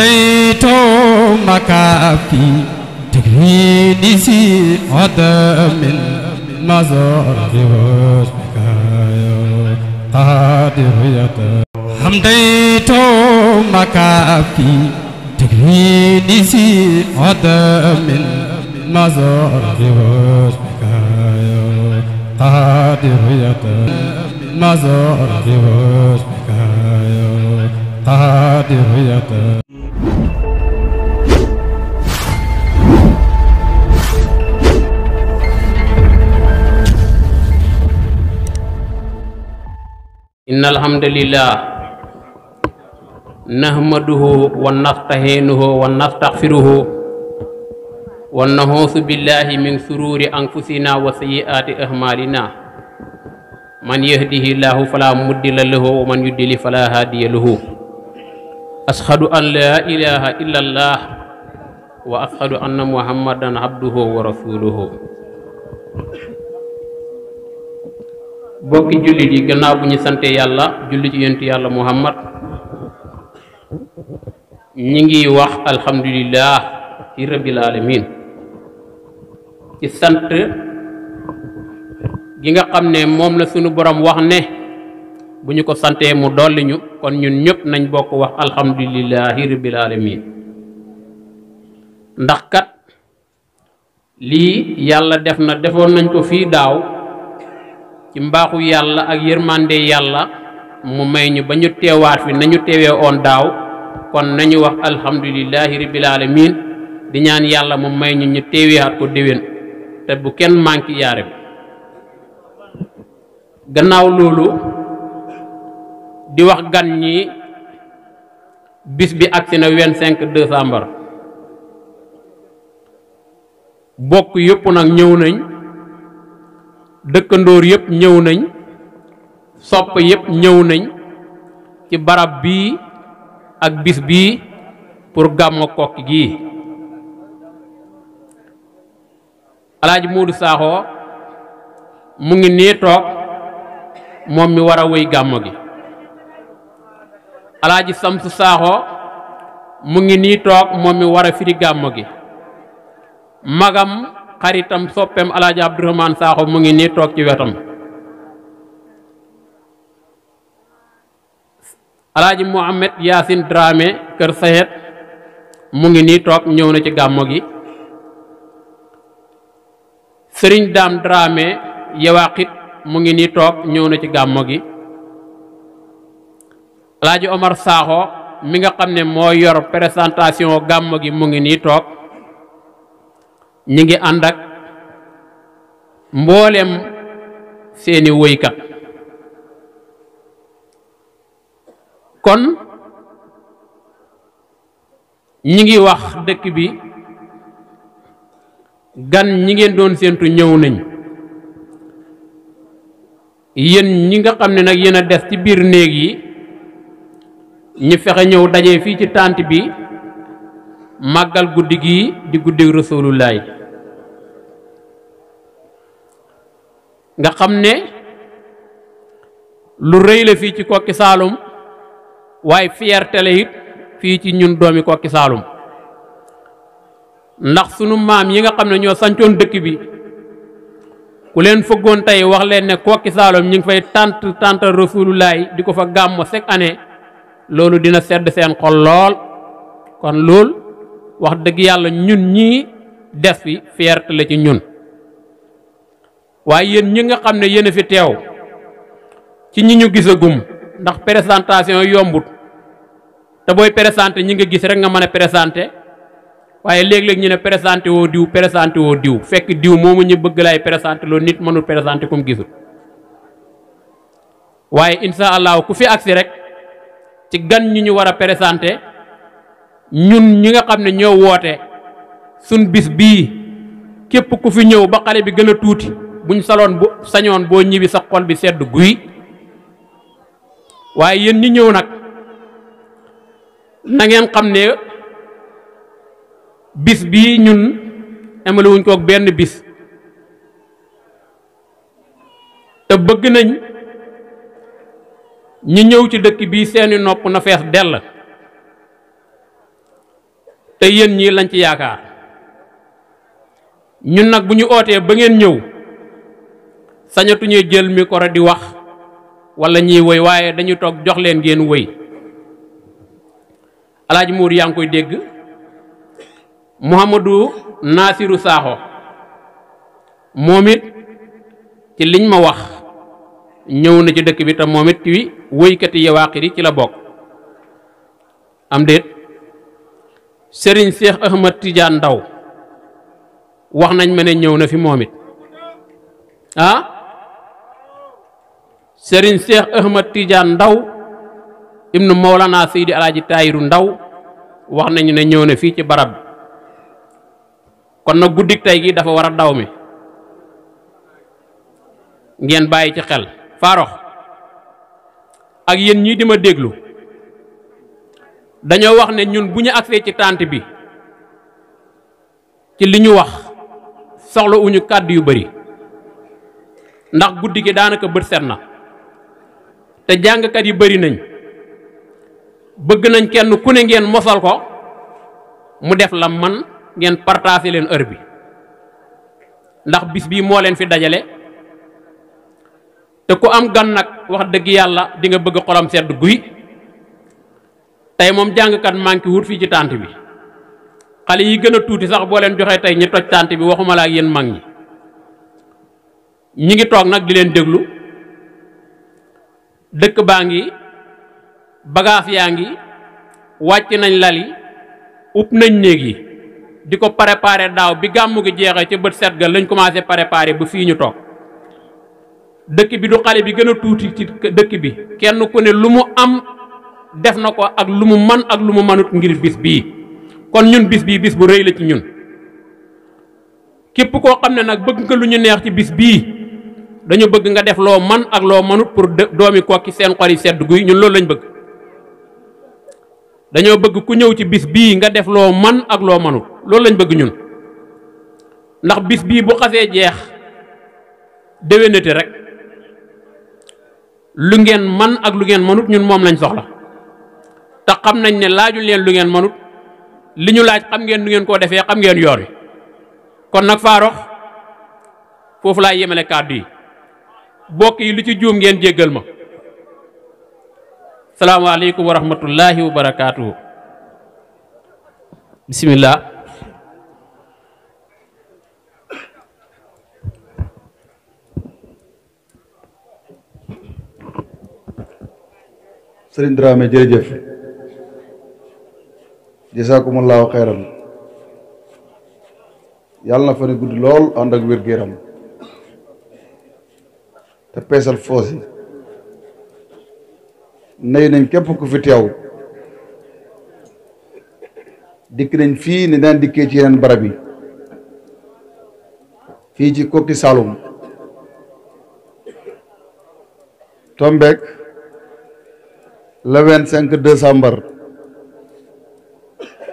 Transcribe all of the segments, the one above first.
أمضيت مكافي تكويني في عدم المزار وجهك يا قادر يا حمديت مكافي تكويني في عدم المزار وجهك يا قادر يا المزار وجهك يا قادر يا إن الحمد لله نحمده ونستعينه ونستغفره ونعوذ بالله من شرور أنفسنا وسيئات أعمالنا من يهده الله فلا مضل له ومن يضلل فلا هادي له أشهد أن لا إله إلا الله وأشهد أن محمدا عبده ورسوله bokki jullit yi gannaaw bu ñu santee yàlla julli ci yonent yàlla muhammad ñi ngi wax alhamdulillah ci rabbil alamin ci sant gi nga xam ne moom na sunu borom wax ne bu ñu ko santee mu dolli ñu kon ñun ñëpp nañ bokk wax alhamdulillahi rabbil alamin ndax kat lii yàlla def na defoon nañ ko fii daaw ci mbaaxu yàlla ak yërmande yàlla mu may ñu ba ñu teewaat fi nañu teewee oon daaw kon nañu wax alhamdulillahi rabbil alamin di ñaan yàlla mu may ñu ñu teeweewaat ko déwén te bu kenn manki yaare bi gannaaw loolu di wax gan ñi bis bi agsi na vingt-cinq décembre bokk yépp nag ñëw nañ dëkkandoor yépp ñëw nañ sopp yépp ñëw nañ ci barab bii ak bis bii pour gàmmu kokki gii alaaji muudu saaxoo mu ngi nii toog moom mi war a gi alaaji samsu saaxoo mu ngi nii toog moom mi war firi gàmmu gi magam xaritam sopem alaaji abdourahman saxo mu ngi ni tok ci wetam alaaji mohammed Yaasin Dramé keur sahet mu ngi ni tok ñëw na ci gàmmo gi serigne dam Dramé yawaqit mu ngi ni tok ñëw na ci gàmmo gi alaaji Omar saxo mi nga xamne mo yor presentation gàmmo gi mu ngi ni tok ñi ngi ànd ak mboolem seeni woykat kon ñi ngi wax dëkk bi gan ñi ngeen doon séentu ñëw nañ yéen ñi nga xam ne nag yéen a des ci biir néeg yi ñu fexe ñëw daje fii ci tànt bi màggal guddi gii di guddi rasulullaay nga xam ne lu rëy la fii ci kokki saalum waaye fierté la it fii ci ñun doomi kokki saalum ndax sunu maam yi nga xam ne ñoo sancoon dëkk bi ku leen fëggoon tey wax leen ne kokki saalum ñu ngi fay tant tant rasulullaay di ko fa gàmmo chaque année loolu dina sedd seen xol lool kon lool wax dëgg yàlla ñun ñii des fi fierté la ci ñun waaye yéen ñi nga xam ne yéen a fi teew ci ñi ñu gisagum ndax présentation yombut te booy présenté ñi nga gis rek nga mën a présenté waaye léeg-léeg ñu ne présenté woo diw présenté woo diw fekk diw moomu ñu bëgg laay présenté loolu nit mënul présenté comme gisul waaye incha allah ku fi agsi rek ci gan ñi ñu war a ñun ñi nga xam ne ñoo woote suñ bis bii képp ku fi ñëw ba xale bi gën a tuuti buñ saloon bu sañoon boo ñibbi sa xol bi sedd guy waaye yéen ñi ñëw nag na ngeen xam ne bis bii ñun emalewuñ kook benn bis te bëgg nañ ñi ñëw ci dëkk bii seeni nopp na fees dell te yéen ñii lañ ci yaakaar ñun nag bu ñu ootee ba ngeen ñëw sañatuñuy jël micro di wax walla ñiy woy waaye dañu toog jox leen ngeen woy alaaji muur yaa ngi koy dégg Mouhamadou Nassirou Sakho moom it ci liñ ma wax ñëw na ci dëkk bi te moom it ci woykat yi ci la bokk sëriñ Seex Ahmad Tijaan Ndaw wax nañ ma ne ñëw na fi moomit it sëriñ ah? Seex Ahmad Tijaan Ndaw ibnu Mawlana di Alaaji Taayiru Ndaw wax nañu ne ñëw na fii ci barab kon na guddik tey gii dafa war a daw mi ngeen bàyyi ci xel faarox ak yéen ñii di ma déglu daño wax ne ñun bu ñu agsee ci tante bi ci li ñu wax soxla wuñu kaddu yu bari ndax guddi gi daanaka bët set na te kat yi bari nañ bëgg nañ kenn ku ne ngeen mosal ko mu def la man ngeen partagé leen heure bi ndax bis bi moo leen fi dajale te ku am gan nag wax dëgg yàlla di nga bëgg xolam sedd guy mom jang kat manki wut fi ci tante bi xali yi gën a tuuti sax bo len joxe tay ñi toj tante bi waxuma la ak yeen mag ñi ñi ngi tok nak di len deglu dekk baangi ngi yaangi wacc nañ lali up nañ néeg yi di ko préparé bi gamu gi jexé ci beut set ga lañ commencé préparer bu fi ñu tok dekk bi du xali bi gën tuuti ci dekk bi kenn ku ne lu mu am def na ko ak lu mu man ak lu mu manut ngir bis bii kon ñun bis bii bis bu rëy la ci ñun képp koo xam ne nag bëgg nga lu ñu neex ci bis bii dañu bëgg nga def loo man ak loo manut pour doomi kokki seen xol yi sedd guy ñun loolu lañ bëgg dañoo bëgg ku ñëw ci bis bii nga def loo man ak loo manut loolu lañ bëgg ñun ndax bis bii bu xasee jeex déwénati rek lu ngeen man ak lu ngeen manut ñun moom lañ soxla ta xam nañ ne laajul leen lu ngeen mënut li ñu laaj xam ngeen lu ngeen koo defee xam ngeen yoor kon nag faarox foofu laay yemale kàddu yi bokk yi lu ci juum ngeen jéggal ma salaamaaleykum wa rahmatullahi wa bismillah Serigne Dramé jasaakumullaahu xayran yàlla na fa ne gudd lool ànd ak wér-gu-yaram te peesal foos yi nay nañ képp ku fi teew dikk nañ fii ne daan dikkee ci yeneen barab yi fii ci Kokki Saloum tombeek le vingt cinq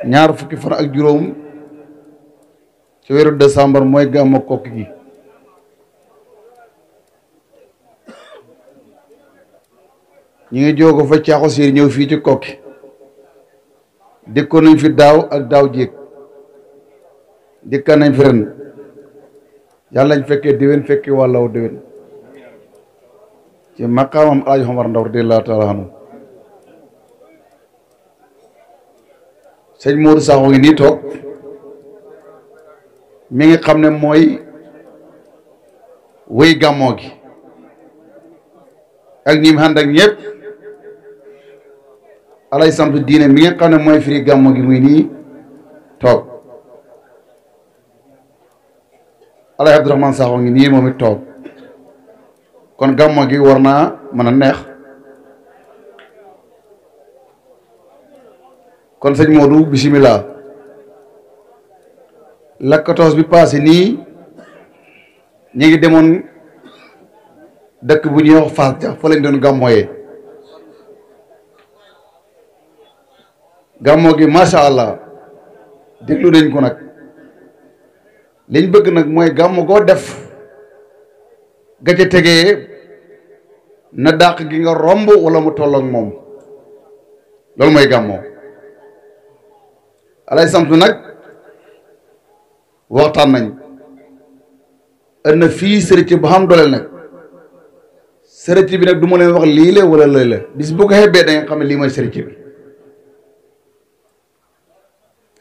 ñaar fukki fan ak juróom ci weeru décembre mooy gàmmu kokki gi ñu ngi jóge fa caaxo siir ñëw fii ci kokki dëkkoon nañ fi daaw ak daaw jéeg dikkaan nañ fi ren yàlla nañ fekkee déwén fekkee wàllaw déwén ci maqaamam alaaj Omar Ndaw radiyallaahu taala anhu sëñ Modou Sakho ngi ni toog mi ngi xam ne mooy wéy gàmmoo gi ak ñi mu ànd ak ñëpp alay sant diine mi ngi xam ne mooy firi gàmmoo gi muy nii toog alay Abdourahmane Sakho ngi nii moom it toog kon gàmmoo gi war naa mën a neex kon sëñ Modou bismillah la 14 bi passé ni ñi ngi demoon dekk bu ñu wax Fass fa lañ doon gamoyé gamo gi macha allah déglu nañ ko nak liñ bëgg nak moy gamo go def ga ca tégué na daq gi nga wala mu tollok mom lool moy alay sant nag waxtaan nañ ënna fii sërëcc ba xam doole nag sërëcc bi nag du ma leen wax lii la wala lële la bi bu ko xebbee da xam ne lii mooy sërëcc bi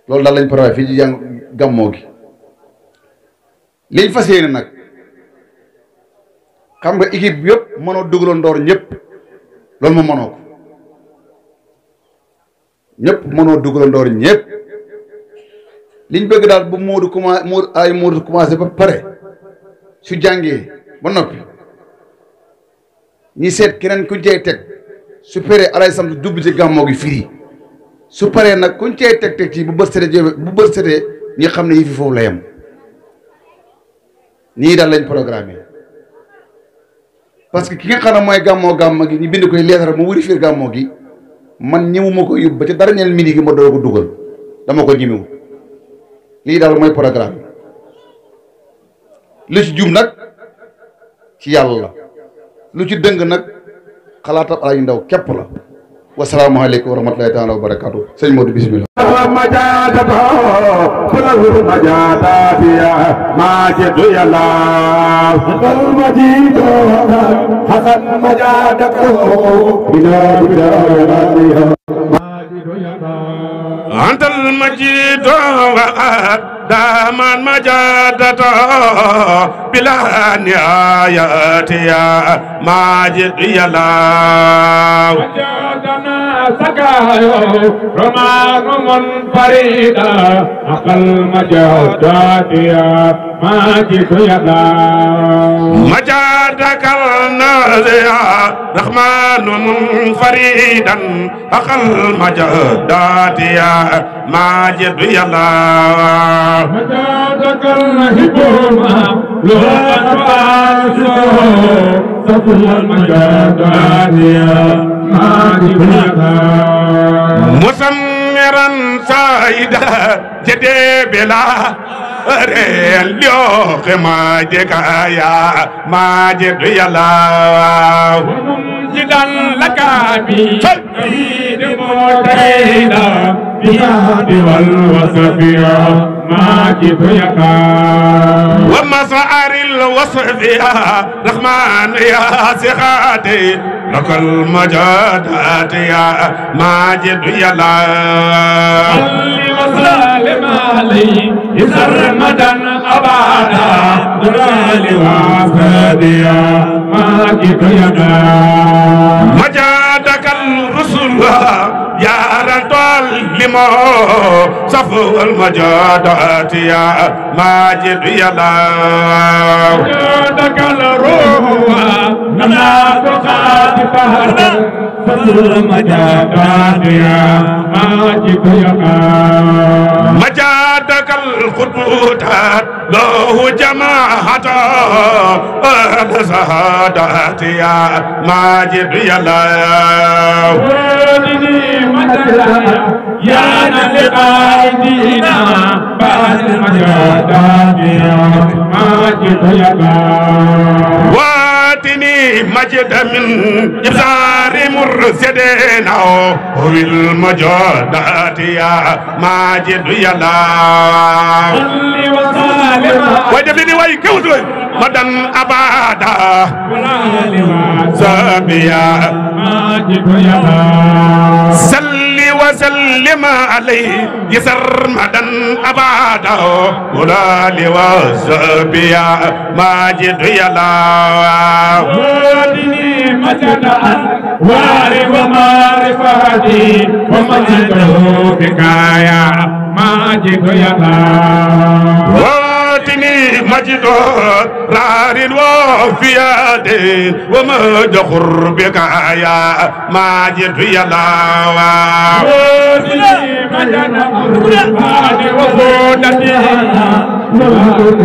loolu daal lañ prévoir fii ci jàng gàmmoo gi liñ fas yéene nag xam nga équipe bi yëpp mënoo dugaloo ndoor ñëpp loolu ma mënoo ko ñëpp mënoo dugaloo ndoor ñëpp liñ bëgg daal bu Moodu commencé Moodu ay Moodu commencé ba pare su jàngee ba noppi ñi seet keneen kuñ cey teg su paree alay sam dugg ci gàmmoo gi firi su paree nag kuñ cey teg teg ci bu bët setee bu bët setee ñi xam ne yi fi foofu la yem nii daal lañ programme parce que ki nga xam ne mooy gàmmoo gàmm gi ñu bind koy leetar mu wuri fiir gàmmoo gi man ñëwuma ko yóbbu ba ca dara ñeel mini gi ma doo ko dugal dama ko ñëmewu li dal moy programme li ci djum nak ci yalla lu ci deung nak xalaatab ay ndaw kep la wasalaamu alaykum wa rahmatullahi taala wa barakatuh seigne Modou bismillah majadato antal majiid wa داما مجادته بلا نهاية يا ماجد يا الله مجادنا سكايو رمان منفردا أقل مجادات يا ماجد يا الله مجادك النازع رحمن منفردا أقل مجادات يا ماجد يا الله فجادك الهبوما لو أتفاسه سفل المجاد عاليا مسمرا سايدا جدي بلا اليوخ ما جكايا ما جد يلا وممجدا لك بي نريد موتينا بها والوسفيا ماجد يقا الوصف يا رحمن يا سخاتي لك المجادات يا ماجد يا لا صلي وسلم عليه سرمدا أبادا ماجد يا مجادك يا moo safu almajood atiya maajid yalaaw joodaka la ruuwa nanaat xaati fahra safu almajood atiya maajid yalaaw majaadaka alxuduutaat loohu jamaahata ahla sahaadaat ya maajid yalaaw كان لقائدنا بعد المجد ماجد يبا واتني مجد من إبزار مرسدين هو المجدات يا ماجد يلا صلي وسلم وجبني ويكوزوي مدن أبادا ولا لما سبيا ماجد يلا سلم وسلم عليه يسرمدا أبدا ولال وزبيا ماجد يلا وادني مجد وارب معرفتي ومجده بكايا ماجد يلا مجد رار وفياد ومد قربك يا ماجد يا الله ماجد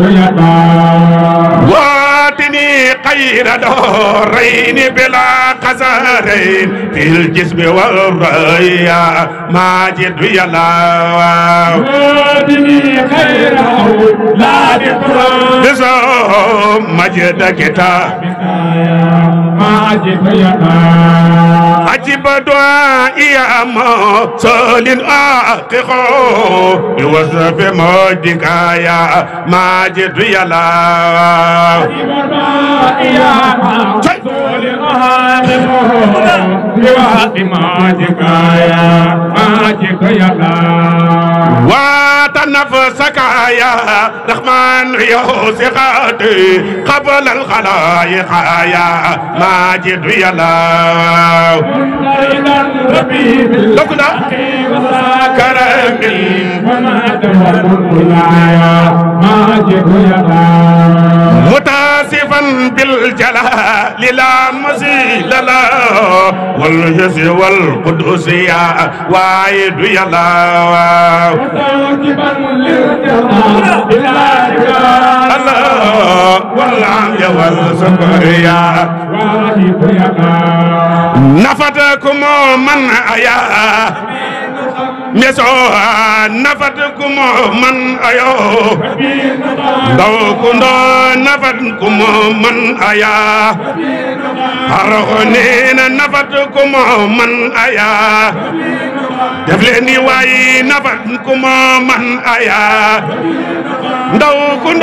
يا الله باطني خير دورين بلا قصرين في الجسم والرؤيا ماجد يا الله باطني خير لا بكرة بزوم مجد كتاب ماجد يا الله عجب دعائي أما سولين آقخو بوصف مجدك يا ماجد يا الله وات نفسك يا رحمن يوسقات قبل الخلائق يا ماجد يا الله لكنا كرم وما تهرب يا ماجد يا الله متاسفا بالجلال لا مثيل له والجس والقدس يا وايد يا الله متاسفا للجلال لا والعمي والصبر يا وايد يا الله نفتكم من أيا مسعوها نفتكم من أيو دوكن نفتكم من أيا أرغنين نفتكم من أيا دفلني واي نفتكم من أيا دوكن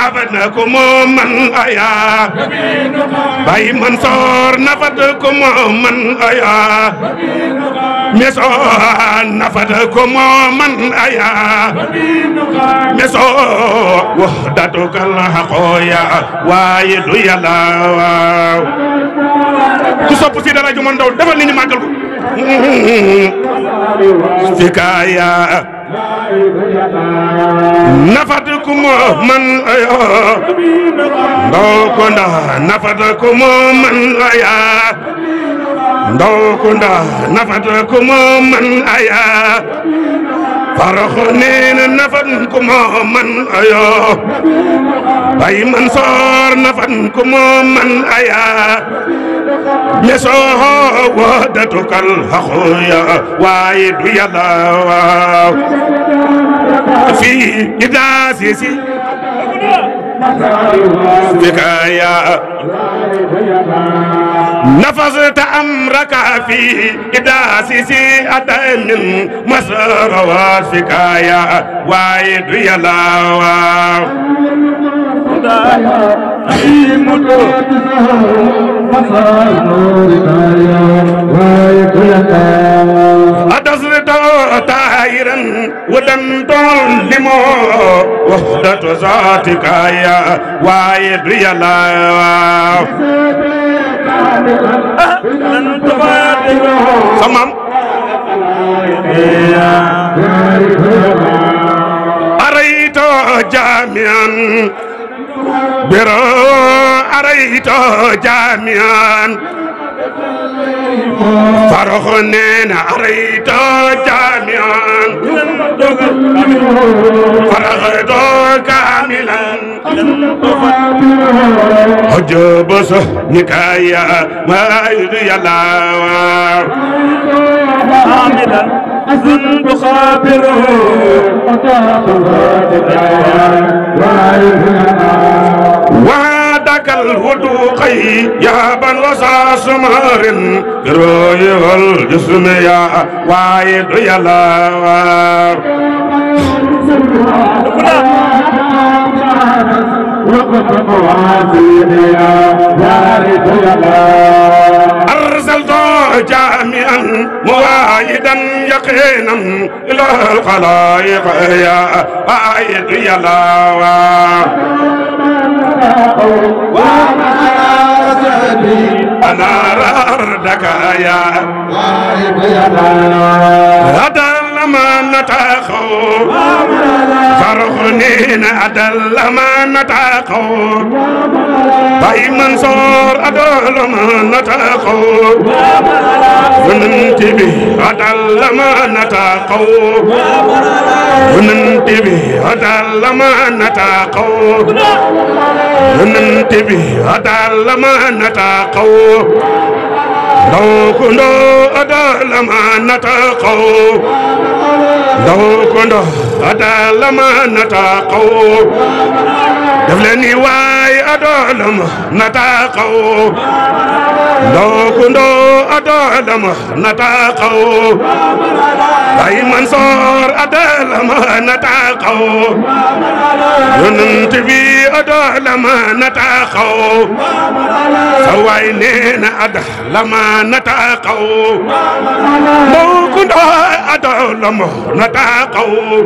نفتكم من أيا باي منصور نفتكم من أيا مسعوها نفتكم وحدكم من أيا مسو وحدتك الحق يا وايد يا لا ku sopp si dara ju man daw defal nit ñi màggal ko fikaaya nafat ku mu man ayo ndaw ko ndax nafat ku mu man ayaa ndaw ku nafat ku moo man farax nee na ku moo man bay man soor ku moo man aya ñesoo wadatukal xaxuya waaye du yàlla waaw fii idaasi si بكايا نفذت أمرك في إداس سيئة من مسر وفكايا وايد يلاوى مسر وفكايا وايد يلاوى أدزرد طائرا ودنت الدم وحدة ذاتك يا وايد يا الله سمام أريت جامعا برا أريت جامعا faroxo neena arayto jamian faraxto kamilan hojo boso nikaya maydu yalla kamilan أزنت خابره وتعطى وعيد لك الهدوق يهبا وسع سمهر برويه الجسم يا وايد يا لار وقف موازين جامعا موايدا يقينا إلى الخلائق يا وايد يا لار أنا أردك يا هذا ما نتاخو فرغنين أدل ما نتاخو باي منصور أدل ما نتاخو وننتبه أدل ما نتاخو وننتبه أدل ما نتاخو وننتبه أدل ما نتاخو لو كنا أدا لما نتقو لو كنا أدا لما نتقو دفلني واي أدعلم نتاقو دو كندو أدعلم نتاقو أي منصور أدعلم نتاقو يننتبي أدعلم نتاقو سوائنين أدعلم نتاقو دو كندو أدعلم نتاقو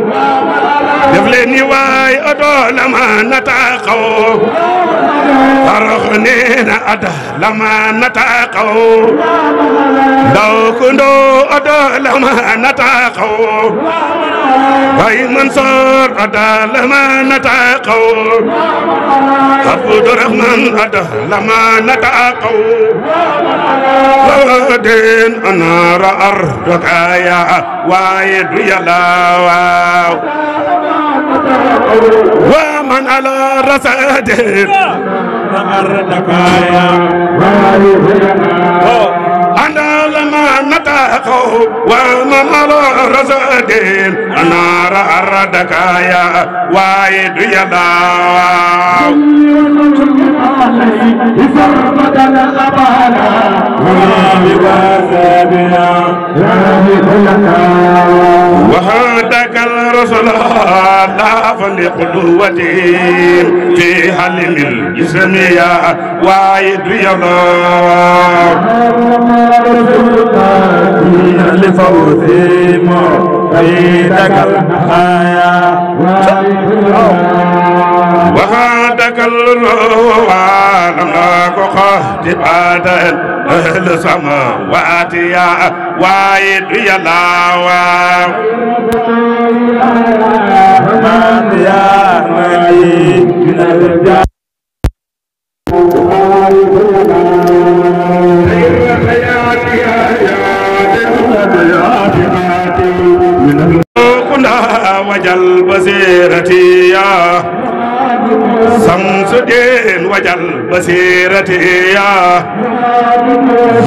دفلني واي أدعلم نتاقو نتاقو ترغنينا أده لما نتاقو لو كنو أده لما نتاقو باي منصور أده لما نتاقو عبد الرحمن أده لما نتاقو لودين أنا رأر ركايا وايد يلا واو ومن على رسده وأردك يا وارثنا وتقوا ونمر رزد النار أردك يا وايد يا وهدك الرسل لا فلقدوتي في حلم الجسم يا وايد يا الله لفوزي وعيدك الحياة وعدك الروان وقهت بعد أهل سماوات وايد يا لاوى من ربنا وجل بصيرتي يا شمس الدين وجل بصيرتي يا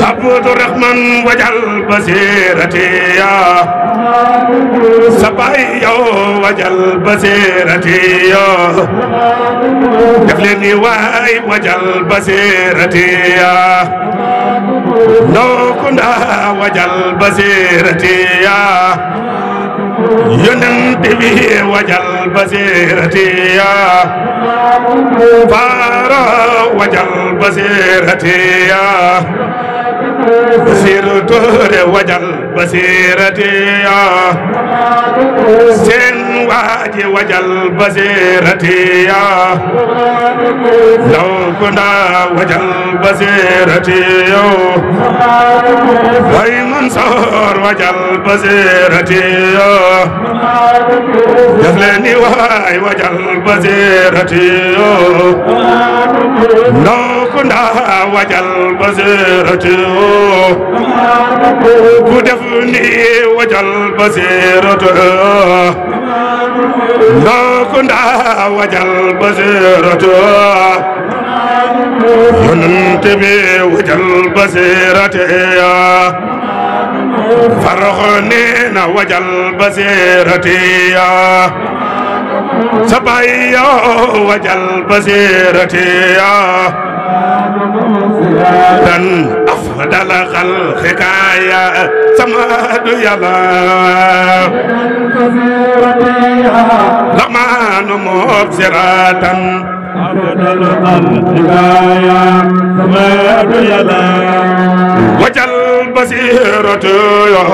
عبد الرحمن وجل بصيرتي يا سبعي وجل بصيرتي يا دفلني واي وجل بصيرتي يا لو كنا وجل بصيرتي يا yonent bi wajal basirati ya faara wajal basirati ya wajal basirati الأمواج وجل بزيرتي لو كنا وجل بزيرتي وين منصور وجل بزيرتي جفلني واي وجل بزيرتي لو كنا وجل بزيرتي كدفني وجل بزيرتي ndokunda wajal basiratu yonent bi wajal basiratu farax nee na wajal basiratu sabay yoo wajal basiratu dan بدل خلقك يا سماد يا الله لمن مبصرة بدل خلقك يا سماد يا الله وجل البصيرة يا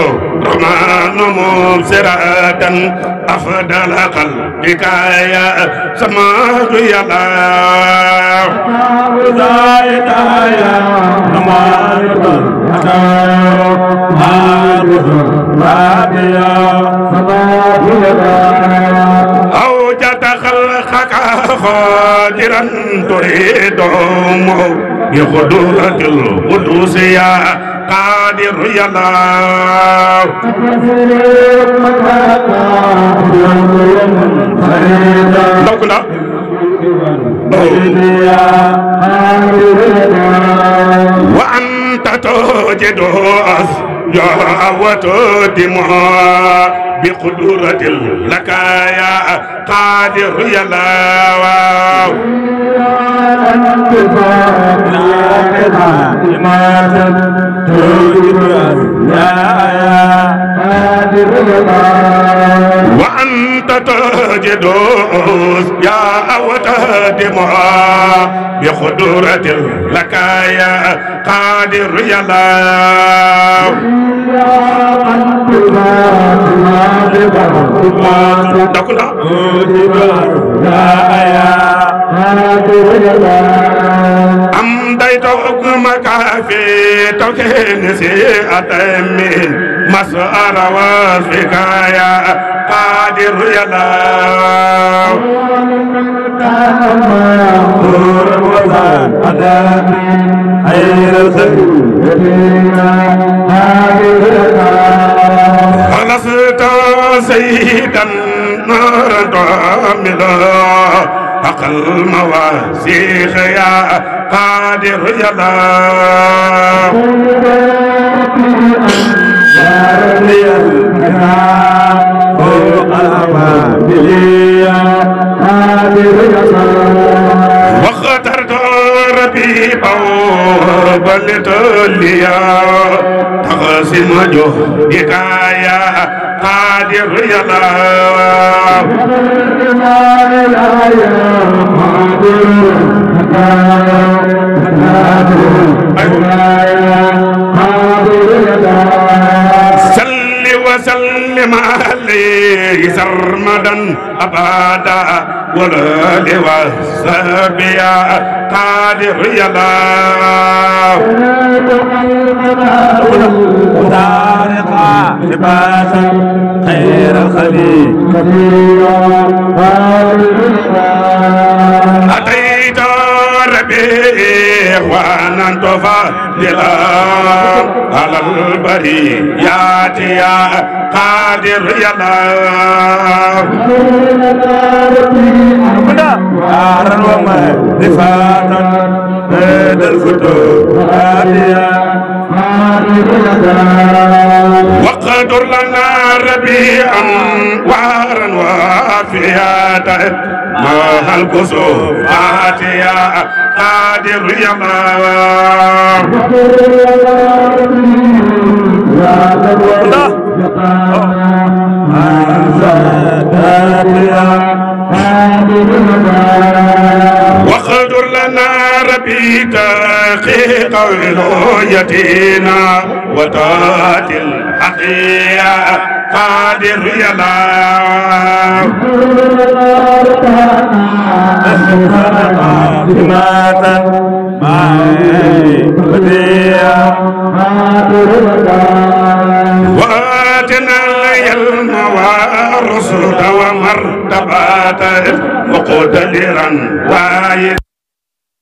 رحمن مبصرة أفضل قلبك يا سماج يا الله وزايد يا رحمن أوجد خلقك قادرا تريد بقدرة القدوس يا قادر يا الله لو كنا وأنت توجد أسجاء وتدمها بقدرة لك يا قادر يا لاواو يا وأنت تجد يا وتدمها بخدورة لك يا قادر يا الله دخل لا يا أمضيت حكمك في توكين سيئة من مسأل وصفك يا قادر يا خلصت سيدا نورا تعملا أقل موازيخ يا قادر يا الله بلتوليا تقسم جو دكايا قادر يا الله وسلم عليه سرمدا أبدا ولا لوسبيا قادر يا مطارقا لباسا خير الخليل كثيرا أتيت به وانا تفضلا على البريات يا قادر يا الله وقدر لنا ربيعا وعارا وافيا ما القصور فاتيا قادر يا الله وقدر لنا ربك الحقيقة قادر يدينا وتات الحقيقة قادر يلا واتنا ورسل ومرتبات مقتدرا وايد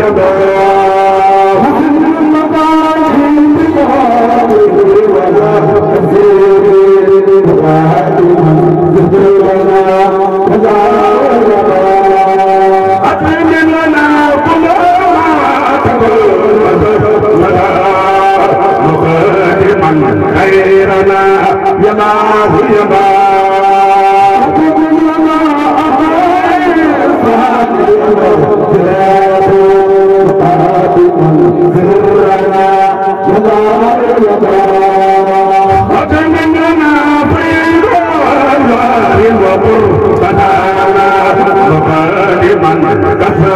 Yeah, yeah, yeah.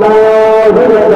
واہ دیدا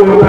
করুন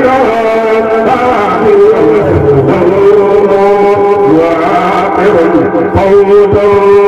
Oh,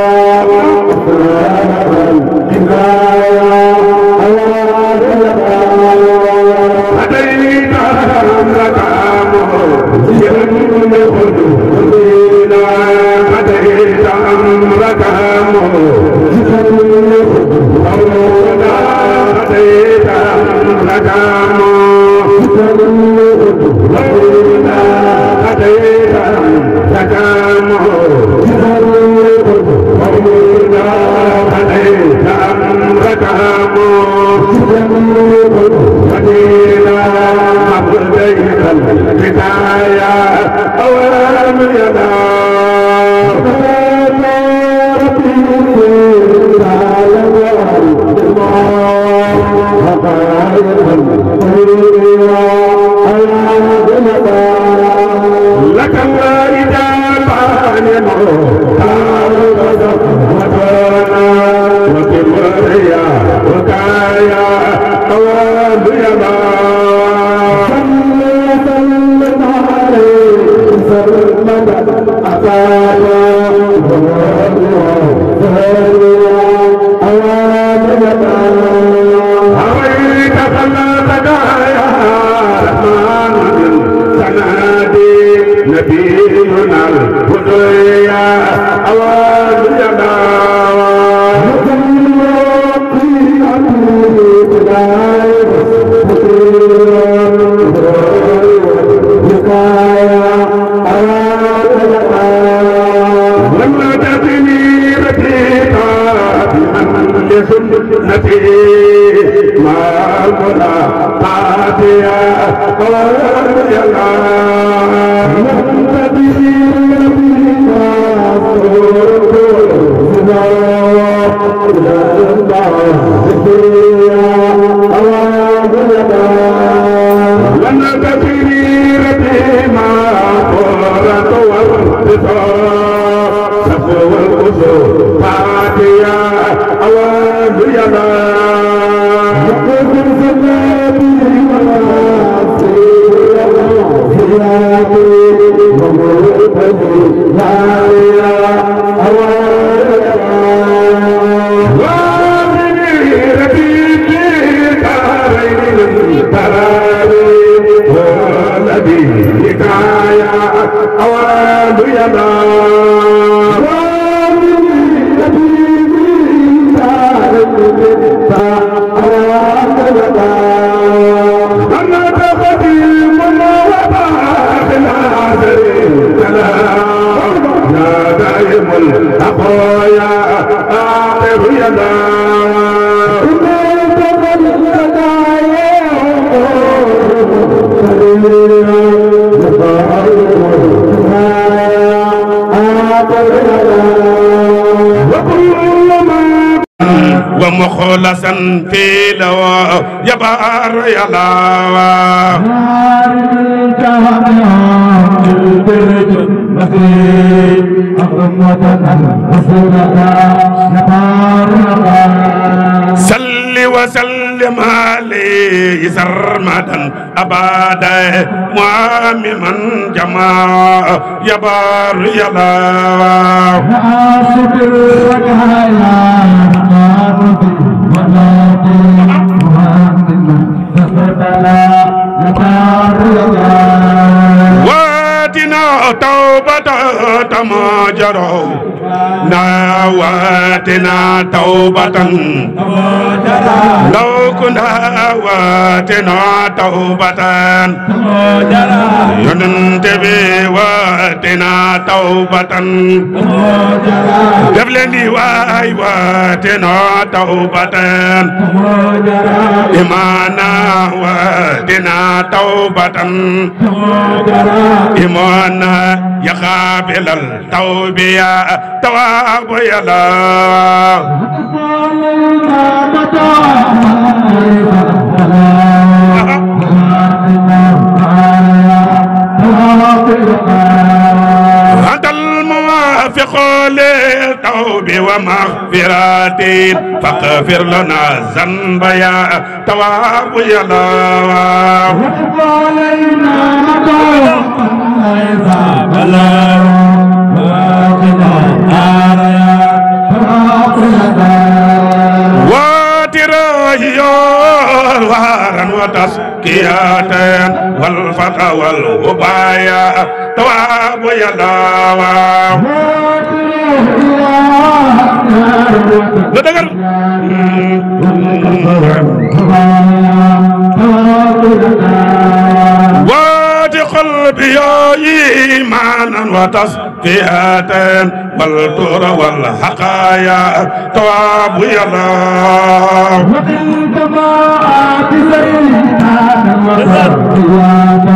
ربي ما کوتا تا اتيا قرب يالا ربي ربي تا تو سنا لا نتا Amen. مخلصا في لواء يبار يلاوى نار جهنم البرد مثير صلي وسلم عليه سرمدا أبدا معمما جماع يا بار يا الله توبة تما جروا نواتنا توبة لو كنا واتنا توبة ينتبه واتنا توبة دبلني واي واتنا توبة إيمانا واتنا توبة إيمانا يقابل التوبة التواب يلا للتوب ومغفرات فاغفر لنا الذنب يا تواب يا الله علينا مطلوب يور وارا وتسكية والفتى والهبايا تواب يلاوى بدر Thank you. تربية إيمانا وتصفيات والدور والحقايا تواب يا الله وبالجماعات سيدنا وتصفيات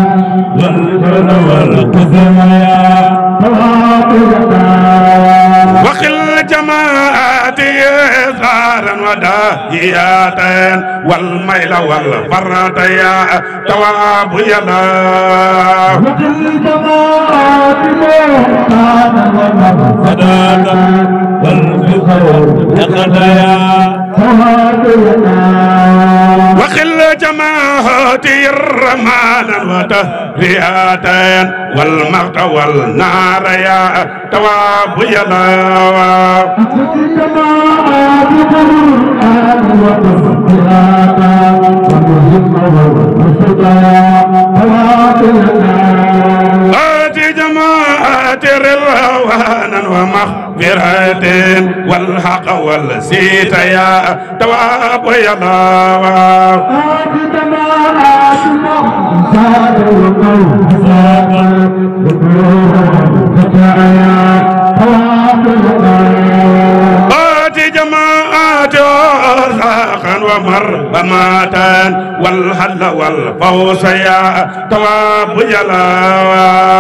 والدور والقزميات وخل جماعتي زارا وداهياتين والميل والفراتيا تواب يلا وكل جماعتي زارا ومفسداتا والفخر يقضيا وخل جماعتي رمانا وتهيا فئتين والموت والنار يا تواب يا الله ومهم ومسجد فوات النار جماعة الروان ومغفرة والحق والسيت يا تواب يا الله ومر وماتان والحل وَالْفَوْسَيَا يا تواب يا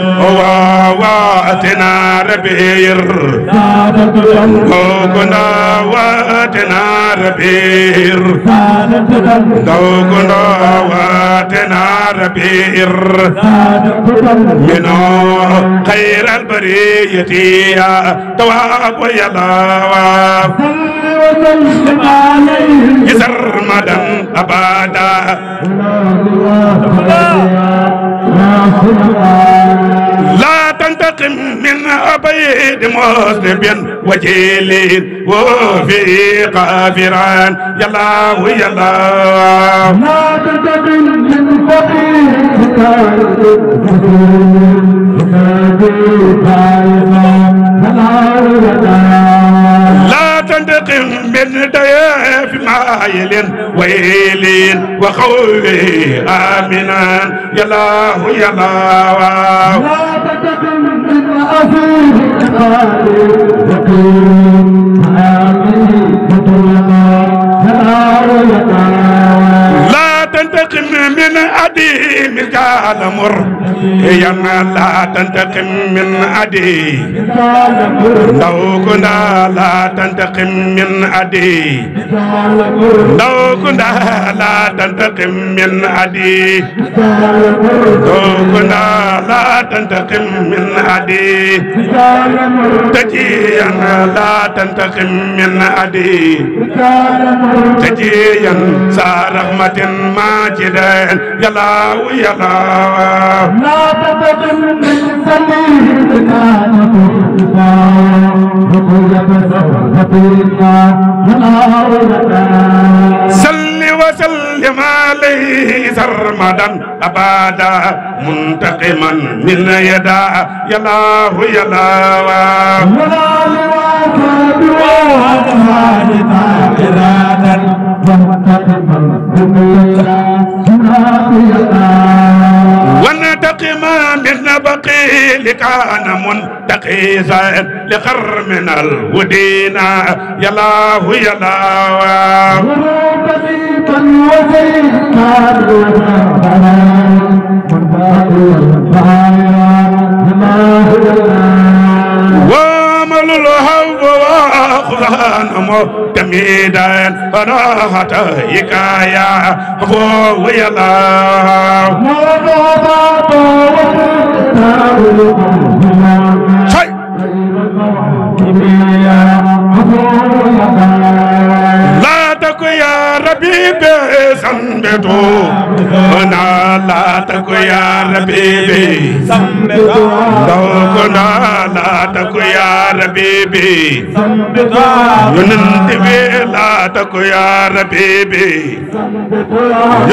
واتنا ربير دوغنا واتنا ربير دوغنا واتنا ربير من خير البرية يا تواب يا الله وسلم عليه يسر مدن أبدا لا تقم من أبيد مسلم وجيل وفي قافران يلا ويلا ما تتقم من فقير كافر تنتقم من ضياف مايل ويل وخوي آمنا يا الله يا الله لا تتكلم أفيه وقيل تنتقم من أدي مثقال مر ينا لا تنتقم من أدي لو كنا لا تنتقم من أدي لو كنا لا تنتقم من أدي لو كنا لا تنتقم من أدي تجيا لا تنتقم من أدي تجيا سا رحمة ماجدا يلا ويلا لا تنتقم من سليم سل وسلم لما ليس رمضان أبدا منتقما من يدا يا الله يا الله ولا لواك بواك هارنا إرادا منتقما من يدا يا الله ما من بقي لكان منتقي زائد لخر من الودينا يلاه يلاه غروب زيتا وزيتا ربنا من باب البايا وما هو وامل الهوى متميدا فراحتك يا هو الله شيء تكو يا ربي بسمبتو انا لا تكو يا ربي بسمبتو دوكنا لا تكو يا ربي بسمبتو يننت بي لا تكو يا ربي بسمبتو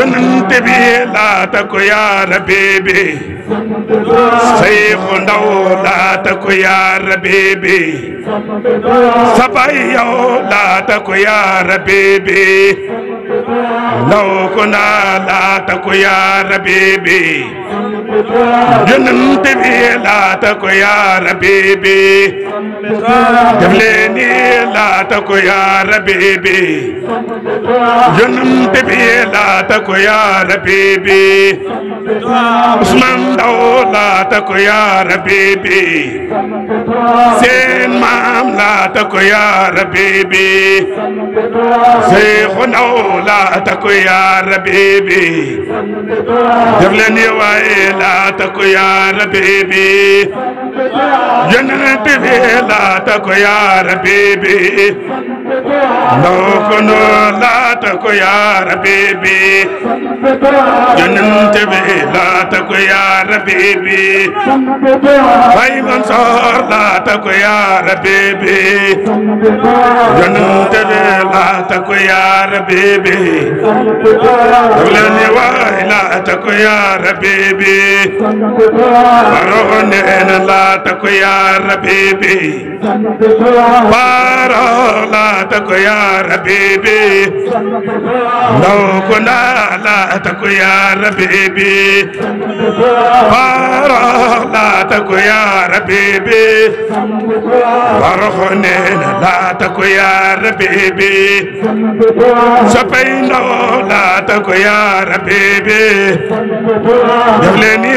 يننت بي لا تكو يا ربي بسمبتو sayf ndaw laata ko yaa rabibi sabay yow laata ko yaa rabibi yonent bi laata ko yaa rabbi bi def leen ni laata ko yaa rabbi bi yonent bi laata ko yaa rabbi bi Usmaan Ndaw laata ko yaa rabbi bi seen maam laata ko yaa rabbi bi Seexu Ndaw laata ko yaa rabbi bi def leen ni waay لا تكو يا ربيبي يننت لا تكو يا ربيبي ndokkono laata ko yaa rabiibi yonent bi laata ko yaa rabiibi bay Mansoor laata ko yaa rabiibi yonent bi laata ko yaa rabiibi lani waay laata ko yaa rabiibi baroo neena laata ko yaa rabiibi baroo laa لا تك يا ربيبي لو كنا لا تك يا ربيبي فارغ لا تك يا ربيبي فرخني لا تك يا ربيبي سبينو لا تك يا ربيبي يبلني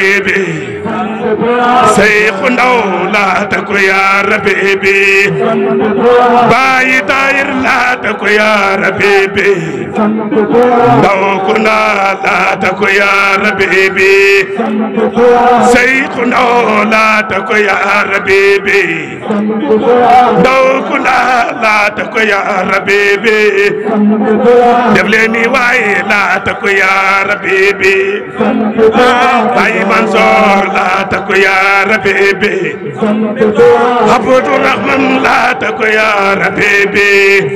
baby. sey xu ndaw laata ko yaa rabbi bi bàyyi taayir laata ko yaa rabbi bi ndaw ku naa laata ko yaa rabbi bi sey xu ndaw laata ko yaa rabbi bi ndaw ku naa laata ko yaa rabbi bi def leen ni waaye laata ko yaa rabbi bi bàyyi man soor لا تكو يا ربيبي حبوت رحمن لا تكو يا ربيبي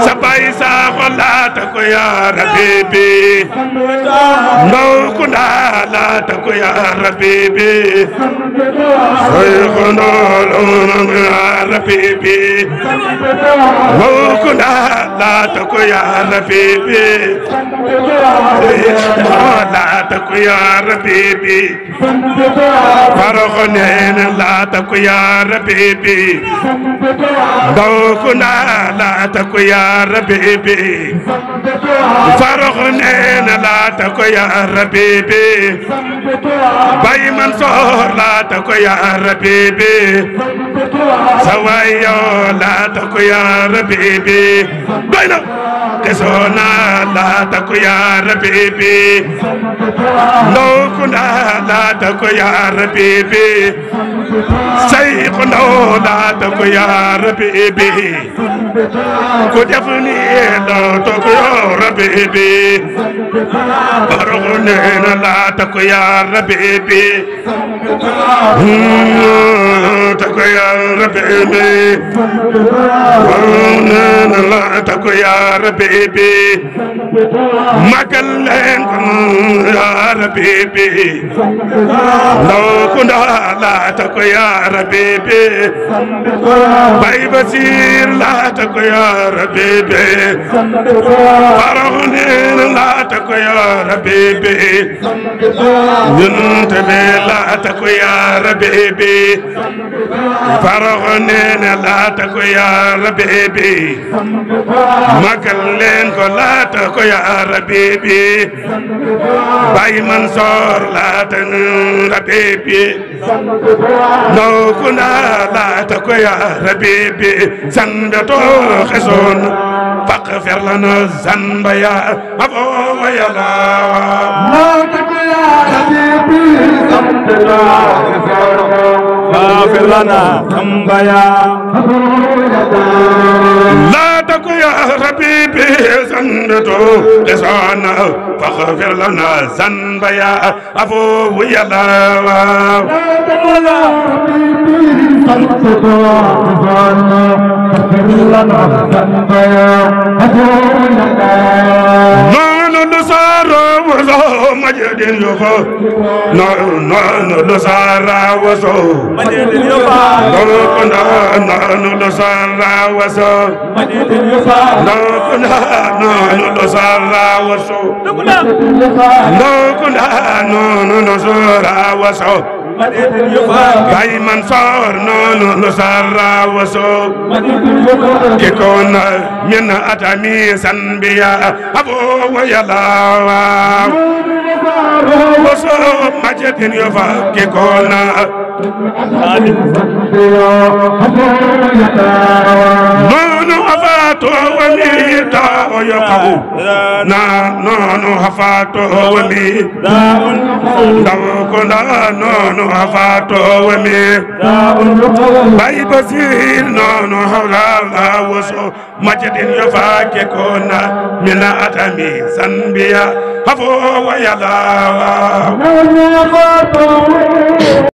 سباي ساخو لا تكو يا ربيبي موكنا لا تكو يا ربيبي شيخنا لون يا ربيبي موكنا لا تكو يا ربيبي لا تكو يا ربيبي فرغنا لا تك يا ربيبي ذوقنا لا تك يا ربيبي فرغنا لا تك يا ربيبي باي منصور لا تك يا ربيبي سوايا لا تك يا ربيبي بينا تسونا لا تك يا ربيبي لو كنا لا ko yaa yaa rabbi bi ku def yaa rabbi bi baraxu neena yaa rabbi bi ta ko yaa rabbi bi baraxu neena yaa rabbi لو كنا لا تكو يا ربيبي باي بصير لا تكو يا ربيبي فرغنين لا تكو يا ربيبي ينتبه لا تكو يا ربيبي فرغنين لا تكو يا ربيبي مكلين لا تكو يا ربيبي باي منصور لا تنو ربيبي لو كنا لا تكو يا ربيبي زنبتو خزون فاغفر لنا الذنب يا أبو يا لا لا تكو يا ربيبي زنبتو خزون فاغفر لنا ذنبنا لا تك يا ربي به زندته لسانا فاغفر لنا ذنبنا عفو يا الله لا تك يا ربي به زندته لسانا فاغفر لنا ذنبنا عفو يا الله وصو مجد يوفى نور نور لسارا وصو مجد يوفى نور كنا نور لسارا وصو مجد يوفى نور كنا نور لسارا وصو نور كنا نور لسارا وصو Baay Mansoor noonu lu sarra wasoo ikoon min atami sanbiya aboo wayalaawa wasoo majadin yufa kikoona خالد نون أفاته وليدا ويقه نون أفاته وليدا دوكنا نون أفاته وليدا باي بزير نون حغالا وسو مجد يفاككونا من أتمي سنبيا هفو ويلا نون أفاته